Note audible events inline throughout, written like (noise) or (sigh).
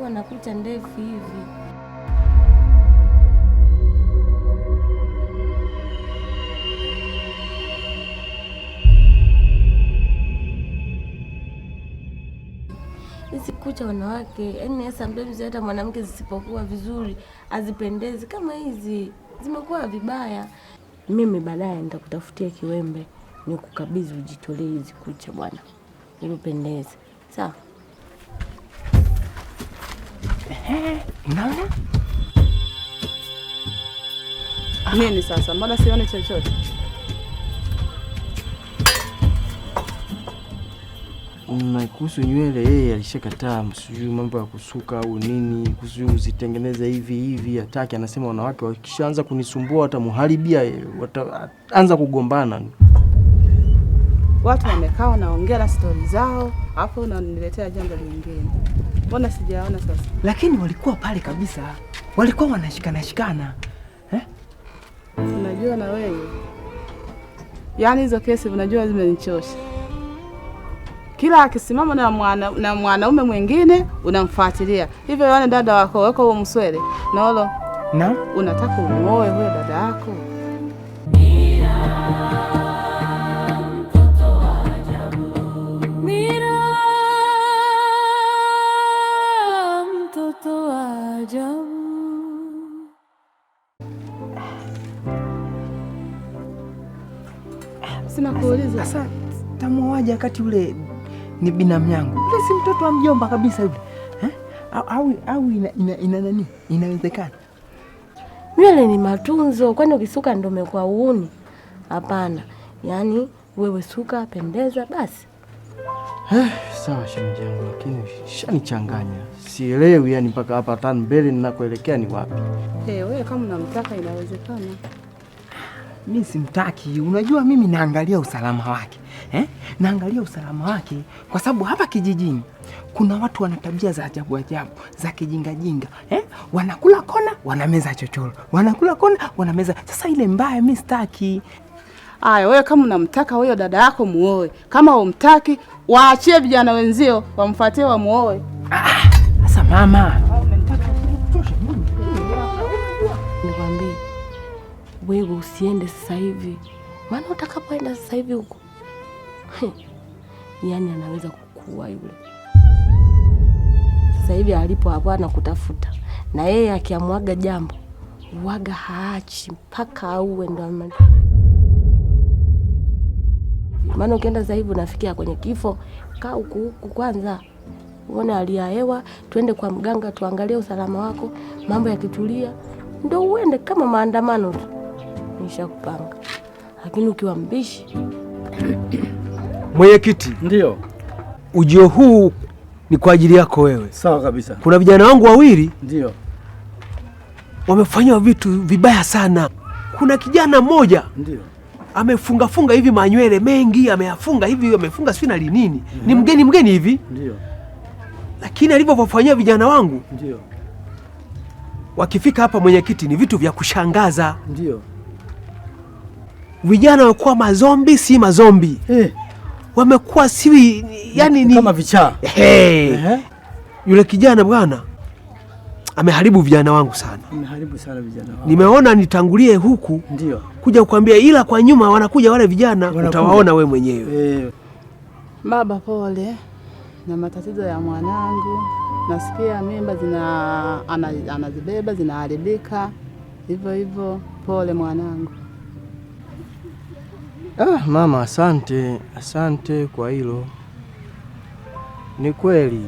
kuwa kucha ndefu hivi. Hizi kucha wanawake, yaani sometimes hata mwanamke zisipokuwa vizuri hazipendezi kama hizi, zimekuwa vibaya. Mimi baadaye nitakutafutia kiwembe, nikukabidhi, ujitolee hizi kucha bwana, ili upendeze, sawa? Unaona ah. nini sasa? Mbona sione chochote? Mm, kuhusu nywele, yeye alishakataa, sijui mambo ya kusuka au nini, kuhusu uzitengeneze hivi hivi, hataki. Anasema wanawake wakishaanza kunisumbua watamharibia, wataanza kugombana. Watu wamekaa wanaongea na stori zao, hapo unaniletea jambo lingine. Mbona sijaona sasa? Lakini walikuwa pale kabisa, walikuwa wanashikana shikana eh? Unajua na wewe, yaani hizo kesi unajua zimenichosha. Kila akisimama na mwana, na mwanaume mwingine unamfuatilia hivyo. Yaani dada wako weko huo mswele naolo na unataka umuoe huyo dada yako kuja wakati ule ni binamu yangu. ule, si mtoto wa mjomba kabisa yule. Eh? Au au ina, ina, ina nani? Inawezekana. Nywele ni matunzo, kwani ukisuka ndio umekuwa uuni? Hapana. Yaani wewe suka, pendeza basi. Eh, sawa shemeji yangu, lakini shanichanganya. Sielewi yani mpaka hapa tan mbele ninakoelekea ni wapi? Eh, wewe kama unamtaka inawezekana. Ah, mimi simtaki. Unajua mimi naangalia usalama wake eh? Naangalia usalama wake, kwa sababu hapa kijijini kuna watu wana tabia za ajabu ajabu za kijingajinga eh? Wanakula kona wanameza chochoro, wanakula kona wanameza. Sasa ile mbaya mi sitaki. Aya, wewe kama unamtaka huyo dada yako muoe, kama umtaki waachie vijana wenzio wamfuatie wamuoe. Ah, sasa ah, mama wewe usiende sasa hivi, maana utakapoenda sasa hivi huko yaani anaweza kukua yule. Sasa hivi alipo hapo anakutafuta, na yeye akiamwaga jambo waga haachi mpaka auwe, ndo maana ukienda sasa hivi unafikia kwenye kifo. Kaa huku huku kwanza uone hali ya hewa, tuende kwa mganga tuangalie usalama wako. Mambo yakitulia ndo uende, kama maandamano tu nishakupanga, lakini ukiwa mbishi Mwenyekiti, ndio ujio huu ni kwa ajili yako wewe. Sawa kabisa. Kuna vijana wangu wawili ndio wamefanyiwa vitu vibaya sana. Kuna kijana mmoja ndio amefungafunga hivi manywele mengi ameyafunga hivi amefunga sio na linini mm -hmm. ni mhm. mgeni mgeni hivi ndio, lakini alivyofanyia vijana wangu ndio wakifika hapa mwenyekiti, ni vitu vya kushangaza. Ndio vijana wakuwa mazombi, si mazombi eh wamekuwa siwi yani ni kama vichaa. Hey. Uh -huh. Yule kijana bwana ameharibu vijana wangu sana, ameharibu sana vijana wangu. Nimeona nitangulie huku ndio kuja kukwambia, ila kwa nyuma wanakuja wale vijana wanakuja. Utawaona we mwenyewe eh. Baba pole na matatizo ya mwanangu, nasikia mimba zina anazibeba zinaharibika hivyo hivyo, pole mwanangu. Ah, mama asante, asante kwa hilo. Ni kweli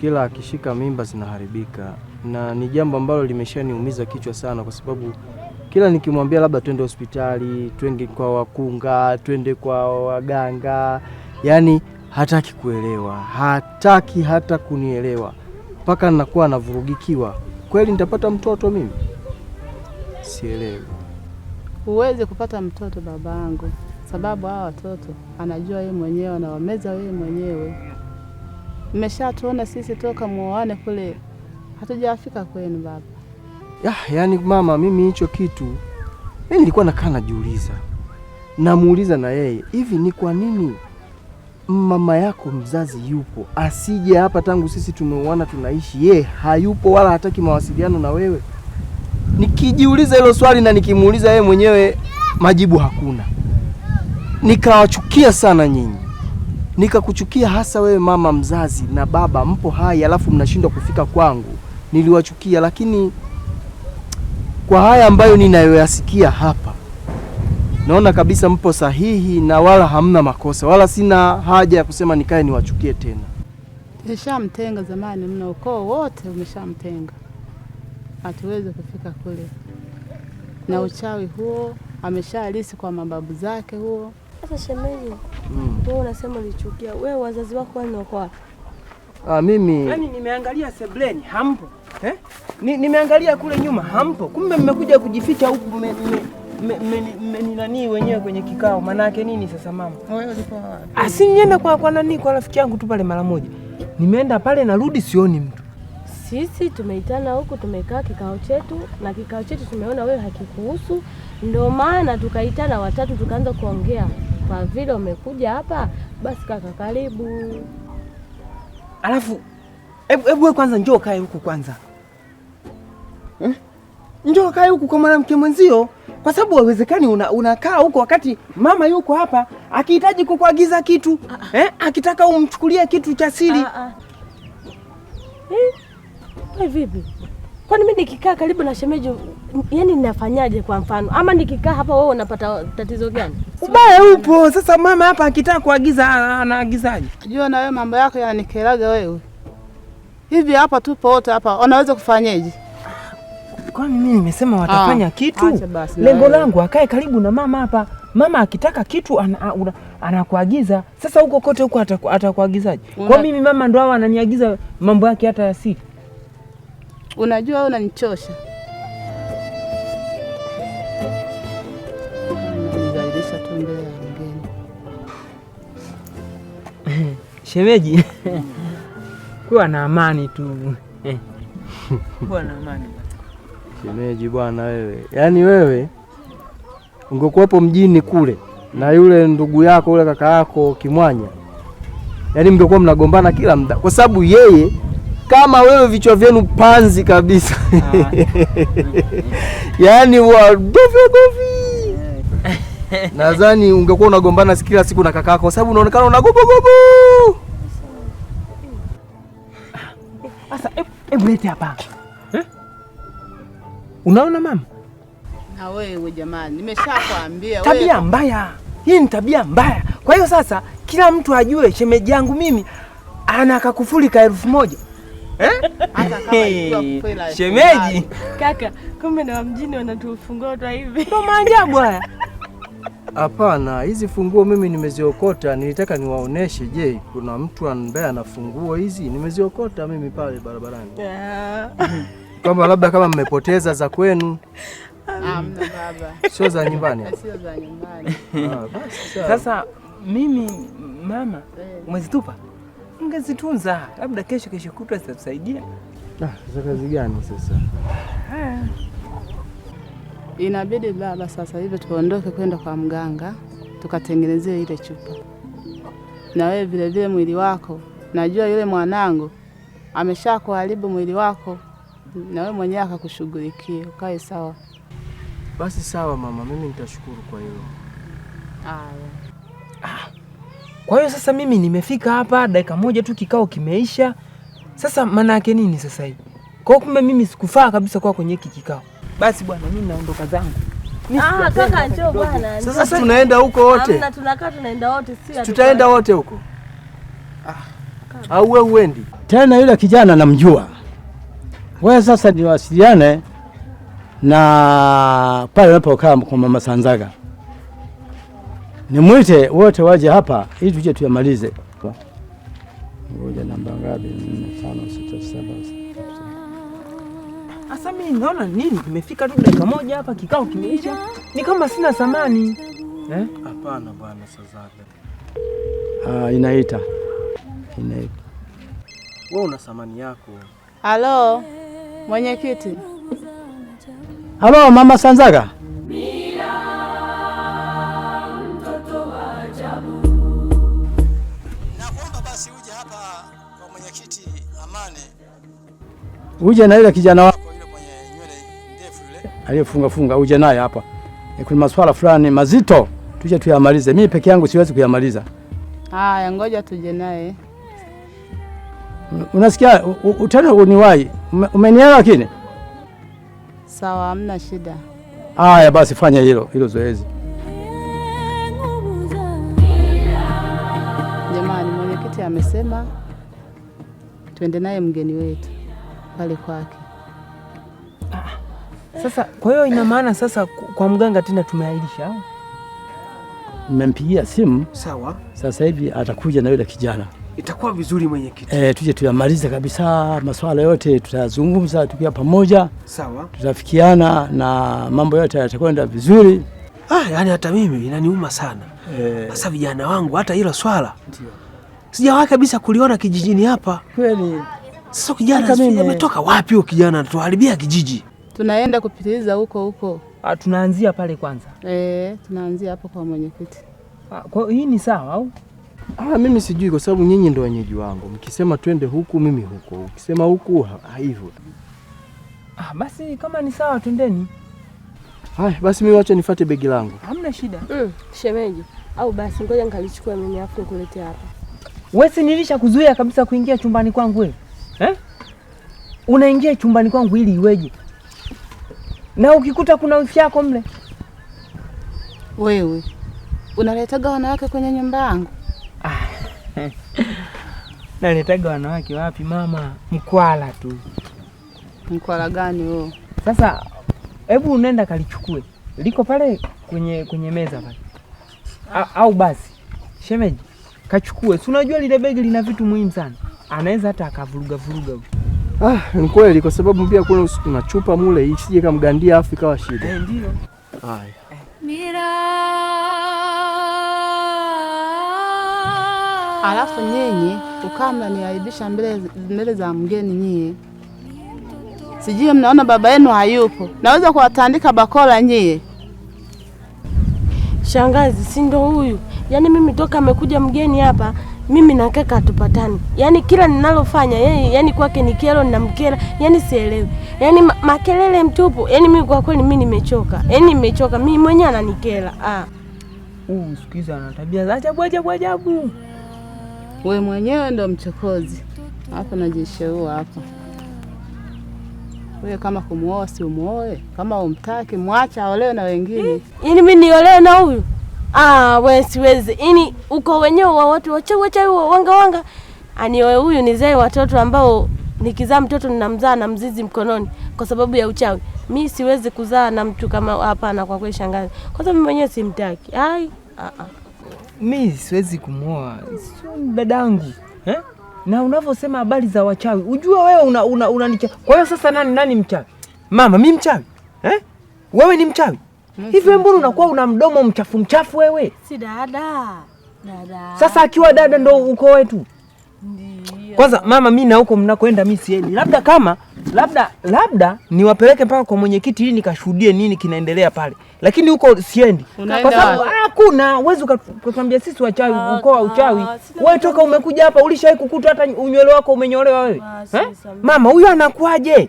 kila akishika mimba zinaharibika na ni jambo ambalo limeshaniumiza kichwa sana, kwa sababu kila nikimwambia labda twende hospitali, twende kwa wakunga, twende kwa waganga, yani hataki kuelewa, hataki hata kunielewa, mpaka nakuwa navurugikiwa Kweli nitapata mtoto mimi? Sielewi huwezi kupata mtoto yangu, sababu hawa watoto anajua yeye mwenyewe, anawameza yeye mwenyewe. Mmeshatuona sisi toka muoane kule, hatujafika kwenu baba. Ya, ah, yani mama, mimi hicho kitu mimi nilikuwa nakaa najiuliza, namuuliza na yeye hivi, ni kwa nini mama yako mzazi yupo asije hapa? Tangu sisi tumeoana tunaishi, ye hayupo wala hataki mawasiliano na wewe nikijiuliza hilo swali na nikimuuliza yeye mwenyewe majibu hakuna. Nikawachukia sana nyinyi, nikakuchukia hasa wewe mama mzazi na baba, mpo hai alafu mnashindwa kufika kwangu. Niliwachukia, lakini kwa haya ambayo ninayoyasikia hapa naona kabisa mpo sahihi na wala hamna makosa, wala sina haja ya kusema nikae niwachukie tena. Nishamtenga zamani, mna ukoo wote umeshamtenga hatuwezi kufika kule, na uchawi huo ameshaarisi kwa mababu zake huo. Sasa shemeji, mm. wewe unasema ulichukia, wewe wazazi wako wako Ah, mimi yaani nimeangalia sebleni hampo eh? Ni, nimeangalia kule nyuma hampo, kumbe mmekuja kujificha huku nani wenyewe kwenye kikao. Manake nini sasa mama? Asinienda ah, ah, kwa, kwa nani kwa rafiki yangu tu pale mara moja, nimeenda pale narudi sioni mtu sisi tumeitana huku, tumekaa kikao chetu, na kikao chetu tumeona wewe hakikuhusu, ndio maana tukaitana watatu, tukaanza kuongea. Kwa vile umekuja hapa, basi kaka, karibu. Alafu hebu wewe kwanza njoo kae huku kwanza hmm? Njoo kae huku kwa mwanamke mwenzio, kwa sababu haiwezekani unakaa una huko wakati mama yuko hapa akihitaji kukuagiza kitu ah, ah. eh? Akitaka umchukulie kitu cha siri ah, eh? Wewe vipi? Kwani mimi nikikaa karibu na shemeji yani ninafanyaje kwa mfano? Ama nikikaa hapa wewe unapata tatizo gani? Ubaya upo. Sasa mama hapa akitaka kuagiza anaagizaje? Jua na wewe mambo yako yananikeraga wewe. Hivi hapa tupo wote hapa. Wanaweza kufanyaje? Kwani mimi nimesema watafanya ah, kitu? Lengo langu akae karibu na mama hapa. Mama akitaka kitu anakuagiza ana, ana sasa huko kote huko atakuagizaje? Kwa mimi mama ndo hao ananiagiza mambo yake hata ya siri. Unajua wewe unanichosha. (laughs) Shemeji, (laughs) kuwa na amani tu. Kuwa na amani. Shemeji bwana wewe, yaani wewe ungekuwepo mjini kule na yule ndugu yako yule kaka yako Kimwanya, yaani mngekuwa mnagombana kila muda, kwa sababu yeye kama wewe, vichwa vyenu panzi kabisa ah. (laughs) yaani wagovigovi nadhani ungekuwa unagombana kila siku na kakako, kwa sababu unaonekana unagobogobo. Sasa hebu lete hapa eh? Unaona mama, na wewe jamani, nimeshakwambia tabia mbaya hii ni tabia mbaya. Kwa hiyo sasa kila mtu ajue shemeji yangu mimi ana kakufuli ka elfu moja Eh? Shemeji kaka, kumbe na mjini wanatufungua tu hivi. Ndio maajabu haya. Hapana, hizi funguo mimi nimeziokota, nilitaka niwaoneshe. Je, kuna mtu ambaye ana funguo hizi? Nimeziokota mimi pale barabarani, kwamba labda kama mmepoteza za kwenu sio za nyumbani. (laughs) Ah, Sasa mimi mama, umezitupa eh ungezitunza labda kesho kesho kutwa zitatusaidia. Ah, za kazi gani sasa? Ah. Inabidi baba sasa hivi tuondoke kwenda kwa mganga tukatengenezee ile chupa. Na wewe vile vile mwili wako, najua yule mwanangu ameshakuharibu mwili wako, na wewe mwenyewe akakushughulikia ukae sawa. Basi sawa mama, mimi nitashukuru kwa hilo. Haya. Ah. Kwa hiyo sasa mimi nimefika hapa dakika moja tu kikao kimeisha. Sasa maana yake nini sasa hii? Kwa kumbe mimi sikufaa kabisa kwa kwenye hiki kikao. Basi bwana, mimi naondoka zangu. Ah, kaka njoo bwana. Sasa tunaenda huko wote. Hamna, tunakaa tunaenda wote sio? Tutaenda wote huko. Ah. Au wewe uendi? Tena yule kijana namjua. Wewe sasa niwasiliane na pale unapokaa kwa Mama Sanzaga nimwite wote waje hapa ili tuje tuyamalize. Ngoja namba ngapi? nne tano sita saba. Asa mimi naona nini nimefika tu dakika moja hapa, kikao kimeisha, ni kama sina samani. Eh? Hapana bwana, sasa ah, inaita inaita, wewe una samani yako. Halo mwenyekiti. Halo mama Sanzaga. uje na ile kijana wako yule nywele ndefu yule aliyefunga funga, uje naye hapa. Eh, kuna maswala fulani mazito tuje tuyamalize. Mimi peke yangu siwezi kuyamaliza. Haya, ngoja tuje naye. Unasikia, utani uniwahi. Umenielewa lakini Sawa, hamna shida. Haya basi, fanya hilo hilo zoezi. Jamani, mwenyekiti amesema tuende naye mgeni wetu pale kwake. Ah. Sasa kwa hiyo ina maana sasa kwa mganga tena tumeahirisha. Mmempigia simu sawa, sasa hivi atakuja na yule kijana, itakuwa vizuri mwenyekiti. Eh, tuje tuyamalize kabisa masuala yote, tutazungumza tukiwa pamoja sawa, tutafikiana na mambo yote yatakwenda vizuri. Ah, yani hata mimi inaniuma sana eh. sasa, vijana wangu hata hilo swala sijawahi kabisa kuliona kijijini hapa kweli. Sasa kijana umetoka wapi huyo kijana? Tuharibia kijiji. Tunaenda kupitiliza huko huko. Ah, tunaanzia pale kwanza. Eh, tunaanzia hapo kwa mwenyekiti. Ah, kwa hii ni sawa au? Ah, mimi sijui kwa sababu nyinyi ndio wenyeji wangu. Mkisema twende huku mimi huko. Ukisema huku hivyo. Ah, basi kama ni sawa twendeni. Hai, basi mimi wacha nifate begi langu. Hamna shida. Mm, shemeji. Au basi ngoja nikalichukua mimi afu nikuletea hapa. Wewe si nilisha kuzuia kabisa kuingia chumbani kwangu wewe eh? Unaingia chumbani kwangu ili iweje? Na ukikuta kuna ufyako mle, wewe unaletaga wanawake kwenye nyumba yangu? Ah, (laughs) naletaga wanawake wapi mama? Mkwala tu. Mkwala gani huo? Sasa hebu unaenda kalichukue, liko pale kwenye kwenye meza pale, au basi shemeji kachukue, si unajua lile begi lina vitu muhimu sana anaweza hata akavuruga vuruga. Ah, ni kweli kwa sababu pia kuna kuna chupa mule isije kamgandia afu ikawa shida. Eh, ndio. Haya. Alafu nyinyi ukawa mnaniaibisha mbele mbele za mgeni nyie. Sijui mnaona baba yenu hayupo. Naweza kuwatandika bakola nyie. Shangazi, si ndo huyu? Yaani mimi toka amekuja mgeni hapa mimi na kaka hatupatani, yaani kila ninalofanya yeye, yaani kwake ni kero na mkera, yaani sielewi, yaani ma makelele mtupu. Yaani mimi kwa kweli mimi nimechoka, yaani nimechoka mimi mwenyewe, ananikera ah. Uh, sikiza, ana tabia za ajabu ajabu ajabu. We mwenyewe ndo mchokozi hapa, najishaua hapa. Wewe kama kumuoa si umuoe, kama umtaki mwacha aolewe na wengine. Yaani mimi niolewe na huyu Ah, we siwezi. Ini uko wenyewe wa watu wachawi wachawi wanga wanga. Ani huyu nizae watoto ambao nikizaa mtoto ninamzaa na mzizi mkononi kwa sababu ya uchawi. Mi siwezi kuzaa na mtu kama hapana, kwa kweli shangazi. Kwa sababu mimi mwenyewe simtaki. Ai, a ah, a. Ah. Mi siwezi kumwoa. Sio dadangu. Eh? Na unavyosema habari za wachawi, ujua wewe una, una, una Kwa hiyo sasa nani nani mchawi? Mama, mi mchawi? Eh? Wewe ni mchawi? Hivi wewe mbona unakuwa una mdomo mchafu mchafu wewe? Si dada. Dada. Sasa akiwa dada ndo uko wetu. Ndiyo. Kwanza mama, mimi na huko mnakoenda mimi sieni. Labda kama labda labda niwapeleke mpaka kwa mwenyekiti ili nikashuhudie nini kinaendelea pale, lakini huko siendi kwa sababu hakuna. Uwezi ukatuambia sisi wachawi, ah, ukoo wa ah, uchawi. Wewe toka umekuja hapa ulishawahi kukuta hata unywele wako umenyolewa wewe? Ah, eh? Mama huyu anakuaje?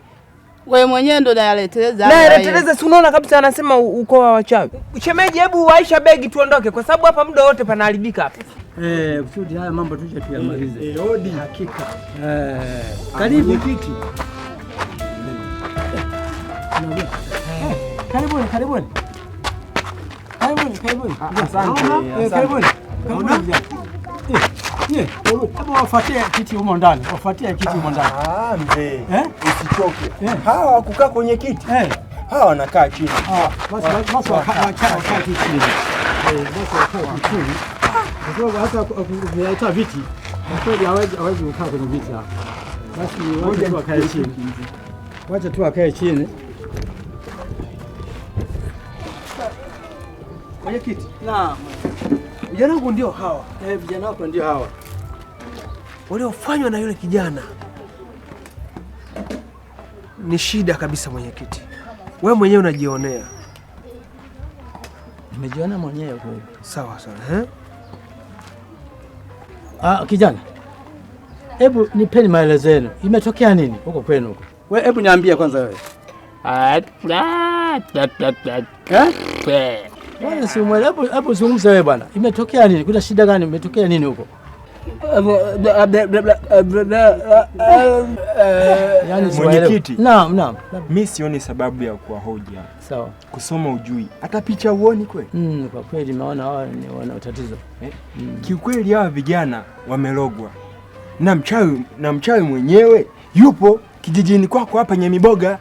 Wewe mwenyewe ndo nayaleteleza. Nayaleteleza, si unaona kabisa anasema uko wa wachawi. Shemeji, hebu waisha begi tuondoke kwa sababu hapa muda wote panaharibika hapa. Eh, kusudi haya mambo tuje tuyamalize. Eh, odi hakika. Eh, karibu kiti. Eh, karibu, karibu. Karibu, karibu. Ah, asante. Karibu. Eh, karibu. Wafuatie kiti humo ndani, wafuatie kiti humo ndani. Ah, mzee. Eh? Usichoke. Eh. Hawa wakukaa kwenye kiti. Eh. Hawa wanakaa chini. Ah, basi basi ah, ah, chini. Eh, basi wakaa chini. Ah, kwa sababu hata ukiaita viti, kweli hawezi hawezi kukaa kwenye viti hapa. Basi waje wakae chini. Wacha tu wakae chini. Kwenye kiti. Naam. Vijana wangu ndio hawa, eh, vijana wako ndio hawa waliofanywa na yule kijana. Ni shida kabisa mwenyekiti, we mwenyewe unajionea. Nimejiona mwenyewe kweli. Sawa sawa, eh? Ah, kijana, hebu nipeni maelezo yenu, imetokea nini huko kwenu huko? Wewe hebu niambie kwanza wewe. Ah, eh? Hapo zungumza wewe bwana, imetokea nini? Kuna shida gani? Imetokea nini huko? Mwenyekiti, naam naam, mi sioni sababu ya kuwahoja. Sawa, kusoma ujui, hata picha uoni kweli. Mm, kwa kweli naona wao ni wana tatizo eh. Mm. Kiukweli hawa vijana wamelogwa na mchawi, na mchawi mwenyewe yupo kijijini kwako hapa Nyamiboga,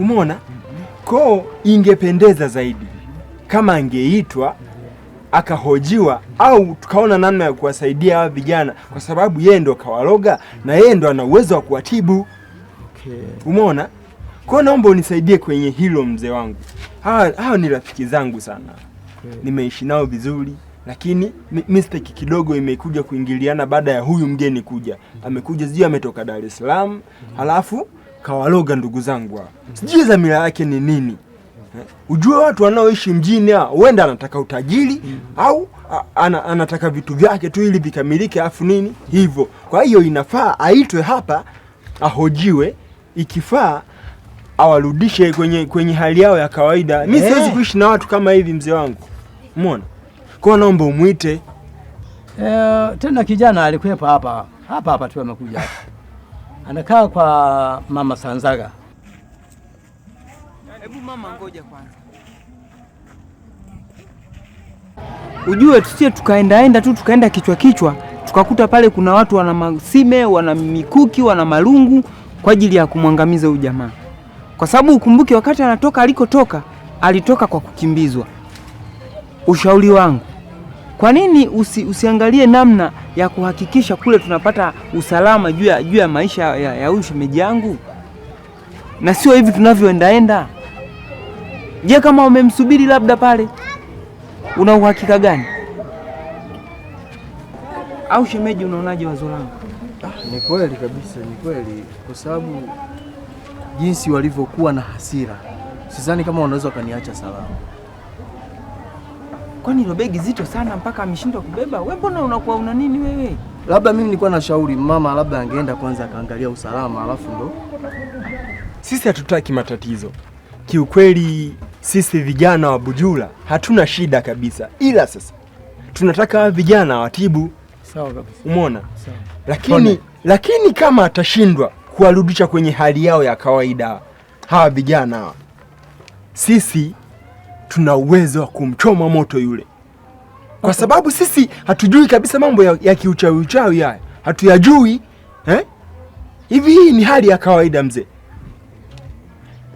umeona mm-hmm. koo, ingependeza zaidi kama angeitwa akahojiwa au tukaona namna ya kuwasaidia hawa vijana, kwa sababu yeye ndo kawaroga na yeye ndo ana uwezo wa kuwatibu. Okay. Umeona, kwa naomba unisaidie kwenye hilo mzee wangu. Hawa, ni rafiki zangu sana. Okay. Nimeishi nao vizuri, lakini mistake kidogo imekuja kuingiliana baada ya huyu mgeni kuja. Amekuja sijui ametoka Dar es Salaam, mm-hmm. halafu kawaroga ndugu zangu hawa, sijui dhamira yake ni nini Ujue watu wanaoishi mjini huenda anataka utajiri mm au au ana, anataka vitu vyake tu ili vikamilike, afu nini hivyo. Kwa hiyo inafaa aitwe hapa ahojiwe, ikifaa awarudishe kwenye, kwenye hali yao ya kawaida. Mi eh. siwezi kuishi na watu kama hivi mzee wangu, umeona? Kwa naomba umwite eh, tena kijana alikuwepo hapa hapa hapa tu amekuja, anakaa kwa mama Sanzaga Hebu mama, ngoja kwanza ujue, tusie tukaendaenda tu tukaenda kichwa kichwa, tukakuta pale kuna watu wana masime wana mikuki wana marungu kwa ajili ya kumwangamiza huyu jamaa, kwa sababu ukumbuke, wakati anatoka alikotoka, alitoka kwa kukimbizwa. Ushauri wangu kwa nini usi, usiangalie namna ya kuhakikisha kule tunapata usalama juu ya maisha ya huyu shemeji yangu, na sio hivi tunavyoendaenda. Je, kama wamemsubiri labda pale, una uhakika gani? Au shemeji, unaonaje wazo langu? Ah, ni kweli kabisa, ni kweli kwa sababu jinsi walivyokuwa na hasira, sidhani kama wanaweza wakaniacha salama. Kwani hilo begi zito sana mpaka ameshindwa kubeba? Wewe mbona unakuwa una nini wewe? Labda mimi nilikuwa na shauri mama, labda angeenda kwanza akaangalia usalama, alafu ndo. Sisi hatutaki matatizo kiukweli sisi vijana wa Bujula hatuna shida kabisa, ila sasa tunataka hawa vijana watibu. Sawa kabisa, umeona. Lakini, lakini kama atashindwa kuwarudisha kwenye hali yao ya kawaida hawa vijana hawa, sisi tuna uwezo wa kumchoma moto yule, kwa sababu sisi hatujui kabisa mambo ya, ya kiuchawi uchawi haya hatuyajui eh? hivi Hii ni hali ya kawaida mzee,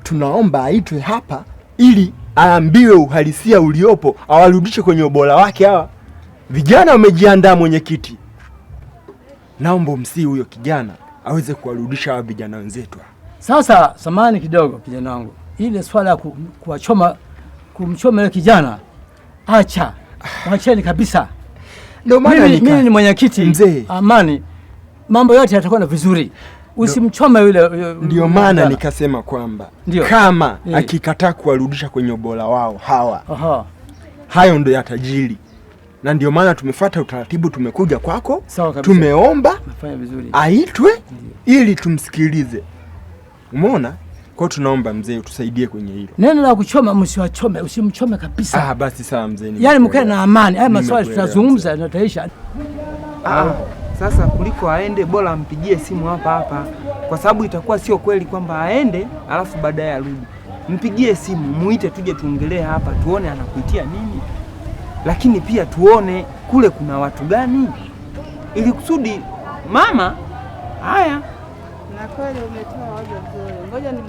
tunaomba aitwe hapa ili aambiwe uhalisia uliopo, awarudishe kwenye ubora wake. Hawa vijana wamejiandaa, mwenyekiti, naomba msii huyo kijana aweze kuwarudisha hawa vijana wenzetu. Sasa samani kidogo, kijana wangu, ile swala ya ku, kuwachoma kumchoma yule kijana, acha wacheni kabisa. Ndio maana mimi ni mwenyekiti mzee Amani, mambo yote yatakuwa na vizuri usimchome yule. Ndio maana nikasema kwamba Ndiyo. kama yeah, akikataa kuwarudisha kwenye ubora wao hawa Aha. hayo ndio ya tajiri na ndio maana tumefuata utaratibu, tumekuja kwako, tumeomba aitwe ili tumsikilize. Umeona? Kwa tunaomba mzee utusaidie kwenye hilo neno la kuchoma. Msiwachome, usimchome kabisa. Ah, basi sawa mzee, yaani mkae na amani. Haya maswali tunazungumza, nataisha. Sasa kuliko aende, bora ampigie simu hapa hapa, kwa sababu itakuwa sio kweli kwamba aende alafu baadaye arudi. Mpigie simu, muite, tuje tuongelee hapa, tuone anakuitia nini, lakini pia tuone kule kuna watu gani, ili kusudi mama. Haya, na kweli umetoa hoja nzuri. Ngoja ni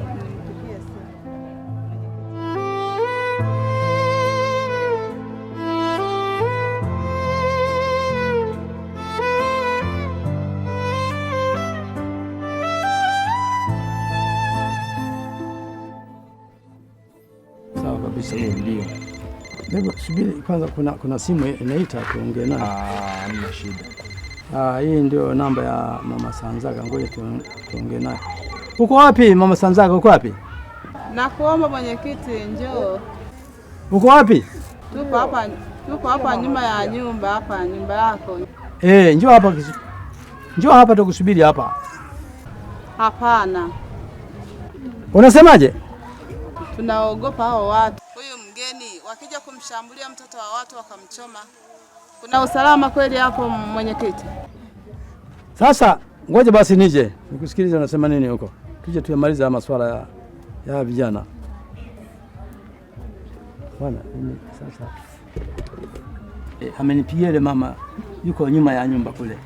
kabisa hiyo ndio. Hebu subiri kwanza, kuna, kuna simu inaita tuongee naye. Ah, hamna shida. Ah, hii ndio namba ya Mama Sanzaga, ngoja tuongee naye. Uko wapi Mama Sanzaga, uko wapi? Nakuomba mwenyekiti, njoo. Uko wapi? Tuko hapa, tuko hapa nyuma ya nyumba hapa, nyumba yako. Eh, njoo hapa, njoo hapa tukusubiri hapa. Hapana. Unasemaje? tunaogopa hao watu. Huyu mgeni wakija kumshambulia mtoto wa watu wakamchoma, kuna usalama kweli hapo mwenyekiti? Sasa ngoja basi nije nikusikilize unasema nini huko, tuje tuyamaliza masuala ya, ya vijana bwana. Sasa e, amenipigia ile mama, yuko nyuma ya nyumba kule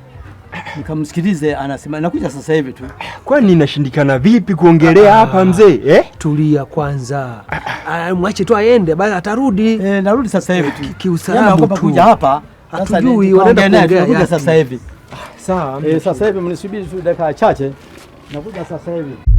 nikamsikilize anasema, nakuja sasa hivi tu. Kwani inashindikana vipi kuongelea ah, hapa mzee eh? Tulia kwanza, ah, ah. mwache tu aende, basi atarudi. Eh, narudi sasa hivi tu, kiusalama yaani tu. Kuja hapa hatujui wanaenda kuongea Nakuja yaani. sasa hivi. Sawa, eh, sasa hivi mnisubiri tu dakika chache, nakuja sasa hivi.